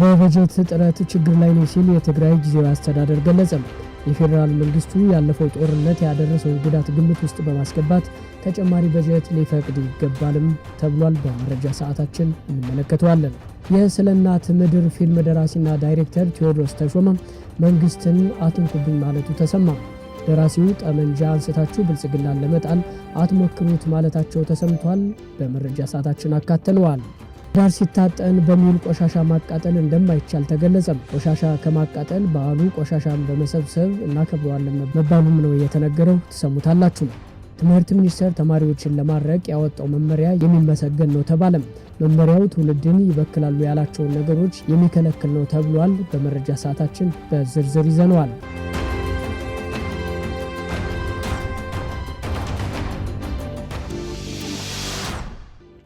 በበጀት እጥረት ችግር ላይ ነው ሲል የትግራይ ጊዜያዊ አስተዳደር ገለጸም። የፌዴራል መንግስቱ ያለፈው ጦርነት ያደረሰው ጉዳት ግምት ውስጥ በማስገባት ተጨማሪ በጀት ሊፈቅድ ይገባልም ተብሏል። በመረጃ ሰዓታችን እንመለከተዋለን። የስለ እናት ምድር ፊልም ደራሲና ዳይሬክተር ቴዎድሮስ ተሾመ መንግስትን አትንኩብኝ ማለቱ ተሰማ። ደራሲው ጠመንጃ አንስታችሁ ብልጽግናን ለመጣል አትሞክሩት ማለታቸው ተሰምቷል። በመረጃ ሰዓታችን አካተነዋል። ዳር ሲታጠን በሚውል ቆሻሻ ማቃጠል እንደማይቻል ተገለጸም። ቆሻሻ ከማቃጠል በዓሉ ቆሻሻን በመሰብሰብ እናከብረዋለን መባሉም ነው እየተነገረው ትሰሙታላችሁ። ትምህርት ሚኒስቴር ተማሪዎችን ለማድረቅ ያወጣው መመሪያ የሚመሰገን ነው ተባለም። መመሪያው ትውልድን ይበክላሉ ያላቸውን ነገሮች የሚከለክል ነው ተብሏል። በመረጃ ሰዓታችን በዝርዝር ይዘነዋል።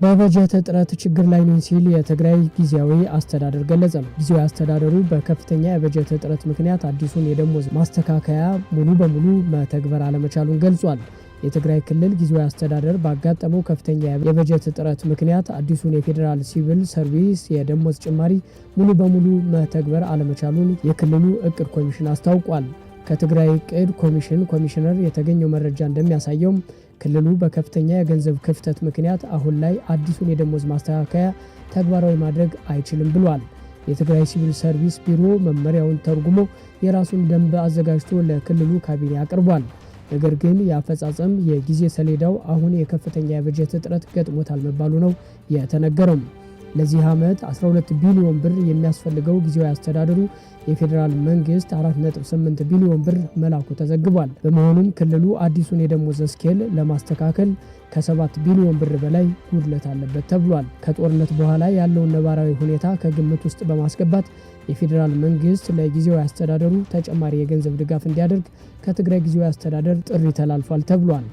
በበጀት እጥረት ችግር ላይ ነኝ ሲል የትግራይ ጊዜያዊ አስተዳደር ገለጸ። ጊዜያዊ አስተዳደሩ በከፍተኛ የበጀት እጥረት ምክንያት አዲሱን የደሞዝ ማስተካከያ ሙሉ በሙሉ መተግበር አለመቻሉን ገልጿል። የትግራይ ክልል ጊዜያዊ አስተዳደር ባጋጠመው ከፍተኛ የበጀት እጥረት ምክንያት አዲሱን የፌዴራል ሲቪል ሰርቪስ የደሞዝ ጭማሪ ሙሉ በሙሉ መተግበር አለመቻሉን የክልሉ እቅድ ኮሚሽን አስታውቋል። ከትግራይ እቅድ ኮሚሽን ኮሚሽነር የተገኘው መረጃ እንደሚያሳየው ክልሉ በከፍተኛ የገንዘብ ክፍተት ምክንያት አሁን ላይ አዲሱን የደሞዝ ማስተካከያ ተግባራዊ ማድረግ አይችልም ብሏል። የትግራይ ሲቪል ሰርቪስ ቢሮ መመሪያውን ተርጉሞ የራሱን ደንብ አዘጋጅቶ ለክልሉ ካቢኔ አቅርቧል። ነገር ግን የአፈጻጸም የጊዜ ሰሌዳው አሁን የከፍተኛ የበጀት እጥረት ገጥሞታል መባሉ ነው የተነገረው። ለዚህ ዓመት 12 ቢሊዮን ብር የሚያስፈልገው ጊዜያዊ አስተዳደሩ የፌዴራል መንግስት 48 ቢሊዮን ብር መላኩ ተዘግቧል። በመሆኑም ክልሉ አዲሱን የደሞዝ ስኬል ለማስተካከል ከ7 ቢሊዮን ብር በላይ ጉድለት አለበት ተብሏል። ከጦርነት በኋላ ያለውን ነባራዊ ሁኔታ ከግምት ውስጥ በማስገባት የፌዴራል መንግስት ለጊዜያዊ አስተዳደሩ ተጨማሪ የገንዘብ ድጋፍ እንዲያደርግ ከትግራይ ጊዜያዊ አስተዳደር ጥሪ ተላልፏል ተብሏል።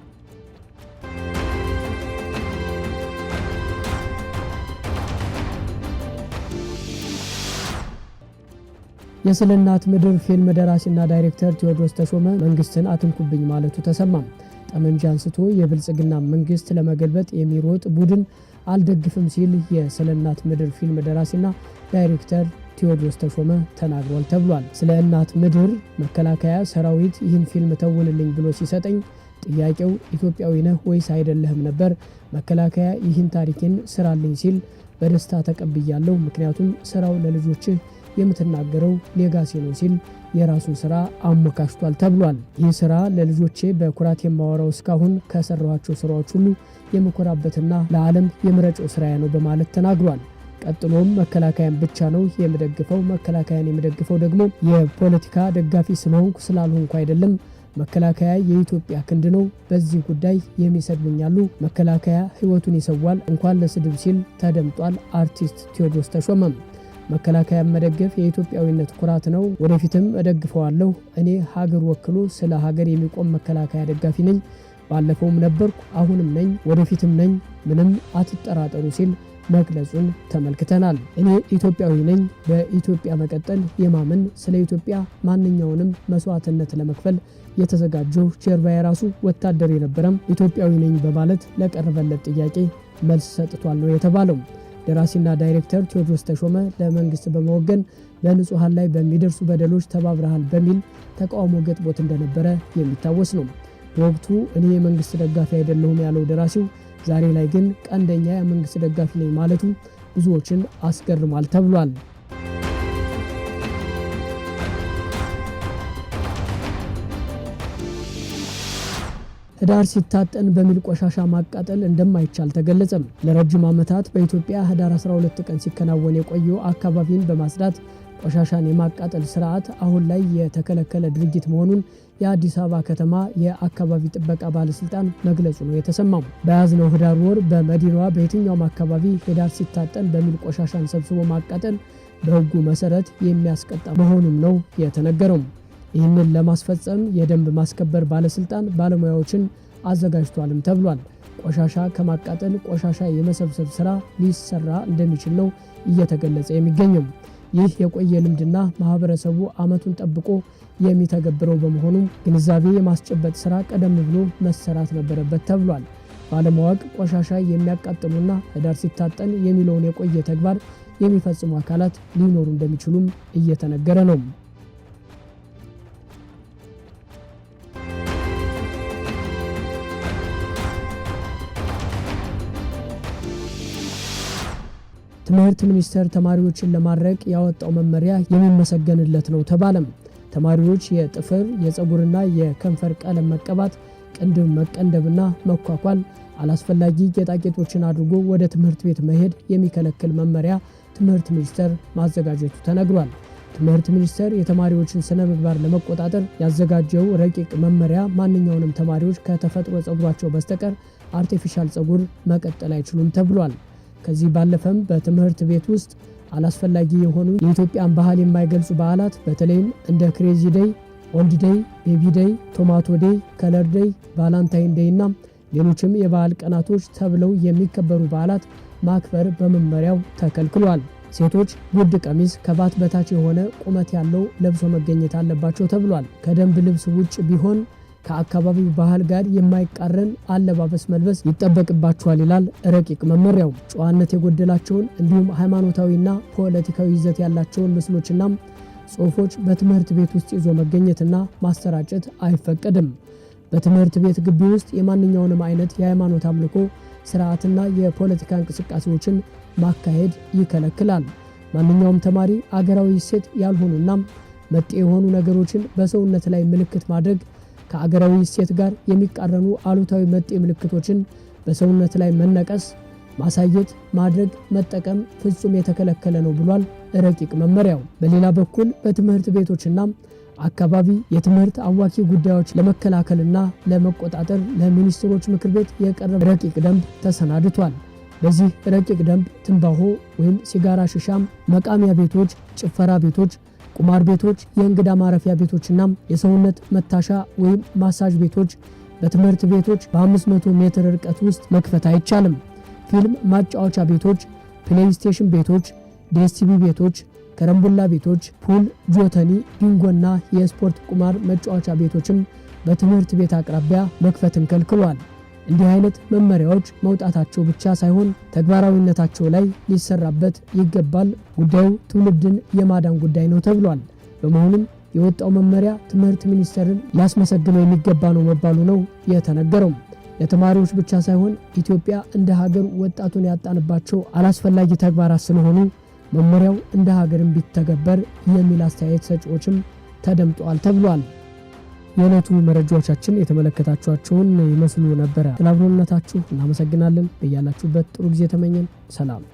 የስለ እናት ምድር ፊልም ደራሲና ዳይሬክተር ቴዎድሮስ ተሾመ መንግስትን አትንኩብኝ ማለቱ ተሰማም። ጠመንጃ አንስቶ የብልጽግና መንግስት ለመገልበጥ የሚሮጥ ቡድን አልደግፍም ሲል የስለ እናት ምድር ፊልም ደራሲና ዳይሬክተር ቴዎድሮስ ተሾመ ተናግሯል ተብሏል። ስለ እናት ምድር መከላከያ ሰራዊት ይህን ፊልም ተውንልኝ ብሎ ሲሰጠኝ ጥያቄው ኢትዮጵያዊ ነህ ወይስ አይደለህም ነበር። መከላከያ ይህን ታሪኬን ስራልኝ ሲል በደስታ ተቀብያለሁ። ምክንያቱም ስራው ለልጆችህ የምትናገረው ሌጋሴ ነው ሲል የራሱን ስራ አሞካሽቷል ተብሏል። ይህ ስራ ለልጆቼ በኩራት የማወራው እስካሁን ከሰራኋቸው ስራዎች ሁሉ የምኮራበትና ለዓለም የምረጨው ስራዬ ነው በማለት ተናግሯል። ቀጥሎም መከላከያን ብቻ ነው የምደግፈው፣ መከላከያን የምደግፈው ደግሞ የፖለቲካ ደጋፊ ስለሆንኩ ስላልሆንኩ አይደለም መከላከያ የኢትዮጵያ ክንድ ነው። በዚህ ጉዳይ የሚሰድቡኛሉ። መከላከያ ህይወቱን ይሰዋል እንኳን ለስድብ ሲል ተደምጧል። አርቲስት ቴዎድሮስ ተሾመም መከላከያ መደገፍ የኢትዮጵያዊነት ኩራት ነው። ወደፊትም እደግፈዋለሁ። እኔ ሀገር ወክሎ ስለ ሀገር የሚቆም መከላከያ ደጋፊ ነኝ። ባለፈውም ነበርኩ፣ አሁንም ነኝ፣ ወደፊትም ነኝ። ምንም አትጠራጠሩ ሲል መግለጹን ተመልክተናል። እኔ ኢትዮጵያዊ ነኝ፣ በኢትዮጵያ መቀጠል የማምን ስለ ኢትዮጵያ ማንኛውንም መስዋዕትነት ለመክፈል የተዘጋጀው ጀርባ የራሱ ወታደር የነበረም ኢትዮጵያዊ ነኝ በማለት ለቀረበለት ጥያቄ መልስ ሰጥቷል ነው የተባለው። ደራሲና ዳይሬክተር ቴዎድሮስ ተሾመ ለመንግስት በመወገን በንጹሐን ላይ በሚደርሱ በደሎች ተባብረሃል በሚል ተቃውሞ ገጥቦት እንደነበረ የሚታወስ ነው። በወቅቱ እኔ የመንግስት ደጋፊ አይደለሁም ያለው ደራሲው ዛሬ ላይ ግን ቀንደኛ የመንግስት ደጋፊ ነኝ ማለቱ ብዙዎችን አስገርሟል ተብሏል። ህዳር ሲታጠን በሚል ቆሻሻ ማቃጠል እንደማይቻል ተገለጸም። ለረጅም ዓመታት በኢትዮጵያ ህዳር 12 ቀን ሲከናወን የቆየው አካባቢን በማጽዳት ቆሻሻን የማቃጠል ስርዓት አሁን ላይ የተከለከለ ድርጊት መሆኑን የአዲስ አበባ ከተማ የአካባቢ ጥበቃ ባለስልጣን መግለጹ ነው የተሰማው። በያዝነው ህዳር ወር በመዲናዋ በየትኛውም አካባቢ ህዳር ሲታጠን በሚል ቆሻሻን ሰብስቦ ማቃጠል በህጉ መሰረት የሚያስቀጣ መሆኑም ነው የተነገረው። ይህንን ለማስፈጸም የደንብ ማስከበር ባለስልጣን ባለሙያዎችን አዘጋጅቷልም ተብሏል። ቆሻሻ ከማቃጠል ቆሻሻ የመሰብሰብ ስራ ሊሰራ እንደሚችል ነው እየተገለጸ የሚገኘው። ይህ የቆየ ልምድና ማህበረሰቡ አመቱን ጠብቆ የሚተገብረው በመሆኑም ግንዛቤ የማስጨበጥ ስራ ቀደም ብሎ መሰራት ነበረበት ተብሏል። ባለማወቅ ቆሻሻ የሚያቃጥሉና ህዳር ሲታጠን የሚለውን የቆየ ተግባር የሚፈጽሙ አካላት ሊኖሩ እንደሚችሉም እየተነገረ ነው። የትምህርት ሚኒስቴር ተማሪዎችን ለማድረግ ያወጣው መመሪያ የሚመሰገንለት ነው ተባለም። ተማሪዎች የጥፍር የፀጉርና የከንፈር ቀለም መቀባት፣ ቅንድብ መቀንደብና መኳኳል፣ አላስፈላጊ ጌጣጌጦችን አድርጎ ወደ ትምህርት ቤት መሄድ የሚከለክል መመሪያ ትምህርት ሚኒስቴር ማዘጋጀቱ ተነግሯል። ትምህርት ሚኒስቴር የተማሪዎችን ስነ ምግባር ለመቆጣጠር ያዘጋጀው ረቂቅ መመሪያ ማንኛውንም ተማሪዎች ከተፈጥሮ ፀጉራቸው በስተቀር አርቲፊሻል ፀጉር መቀጠል አይችሉም ተብሏል። ከዚህ ባለፈም በትምህርት ቤት ውስጥ አላስፈላጊ የሆኑ የኢትዮጵያን ባህል የማይገልጹ በዓላት በተለይም እንደ ክሬዚ ደይ፣ ኦልድ ደይ፣ ቤቢ ደይ፣ ቶማቶ ደይ፣ ከለር ደይ፣ ቫላንታይን ደይ እና ሌሎችም የበዓል ቀናቶች ተብለው የሚከበሩ በዓላት ማክበር በመመሪያው ተከልክሏል። ሴቶች ጉድ ቀሚስ ከባት በታች የሆነ ቁመት ያለው ለብሶ መገኘት አለባቸው ተብሏል። ከደንብ ልብስ ውጭ ቢሆን ከአካባቢው ባህል ጋር የማይቃረን አለባበስ መልበስ ይጠበቅባቸዋል ይላል ረቂቅ መመሪያው። ጨዋነት የጎደላቸውን እንዲሁም ሃይማኖታዊና ፖለቲካዊ ይዘት ያላቸውን ምስሎችና ጽሁፎች በትምህርት ቤት ውስጥ ይዞ መገኘትና ማሰራጨት አይፈቀድም። በትምህርት ቤት ግቢ ውስጥ የማንኛውንም አይነት የሃይማኖት አምልኮ ስርዓትና የፖለቲካ እንቅስቃሴዎችን ማካሄድ ይከለክላል። ማንኛውም ተማሪ አገራዊ ሴት ያልሆኑና መጤ የሆኑ ነገሮችን በሰውነት ላይ ምልክት ማድረግ ከአገራዊ እሴት ጋር የሚቃረኑ አሉታዊ መጤ ምልክቶችን በሰውነት ላይ መነቀስ፣ ማሳየት፣ ማድረግ፣ መጠቀም ፍጹም የተከለከለ ነው ብሏል ረቂቅ መመሪያው። በሌላ በኩል በትምህርት ቤቶችና አካባቢ የትምህርት አዋኪ ጉዳዮች ለመከላከልና ለመቆጣጠር ለሚኒስትሮች ምክር ቤት የቀረበ ረቂቅ ደንብ ተሰናድቷል። በዚህ ረቂቅ ደንብ ትንባሆ ወይም ሲጋራ፣ ሽሻም፣ መቃሚያ ቤቶች፣ ጭፈራ ቤቶች ቁማር ቤቶች፣ የእንግዳ ማረፊያ ቤቶችና የሰውነት መታሻ ወይም ማሳጅ ቤቶች በትምህርት ቤቶች በ500 ሜትር ርቀት ውስጥ መክፈት አይቻልም። ፊልም ማጫወቻ ቤቶች፣ ፕሌይስቴሽን ቤቶች፣ ዲኤስቲቪ ቤቶች፣ ከረምቡላ ቤቶች፣ ፑል፣ ጆተኒ፣ ቢንጎና የስፖርት ቁማር መጫወቻ ቤቶችም በትምህርት ቤት አቅራቢያ መክፈትን ከልክሏል። እንዲህ አይነት መመሪያዎች መውጣታቸው ብቻ ሳይሆን ተግባራዊነታቸው ላይ ሊሰራበት ይገባል። ጉዳዩ ትውልድን የማዳን ጉዳይ ነው ተብሏል። በመሆኑም የወጣው መመሪያ ትምህርት ሚኒስቴርን ሊያስመሰግነው የሚገባ ነው መባሉ ነው የተነገረው። ለተማሪዎች ብቻ ሳይሆን ኢትዮጵያ እንደ ሀገር ወጣቱን ያጣንባቸው አላስፈላጊ ተግባራት ስለሆኑ መመሪያው እንደ ሀገርም ቢተገበር የሚል አስተያየት ሰጪዎችም ተደምጠዋል ተብሏል። የዕለቱ መረጃዎቻችን የተመለከታችኋቸውን ይመስሉ ነበረ። ስለ አብሮነታችሁ እናመሰግናለን። በያላችሁበት ጥሩ ጊዜ ተመኘን። ሰላም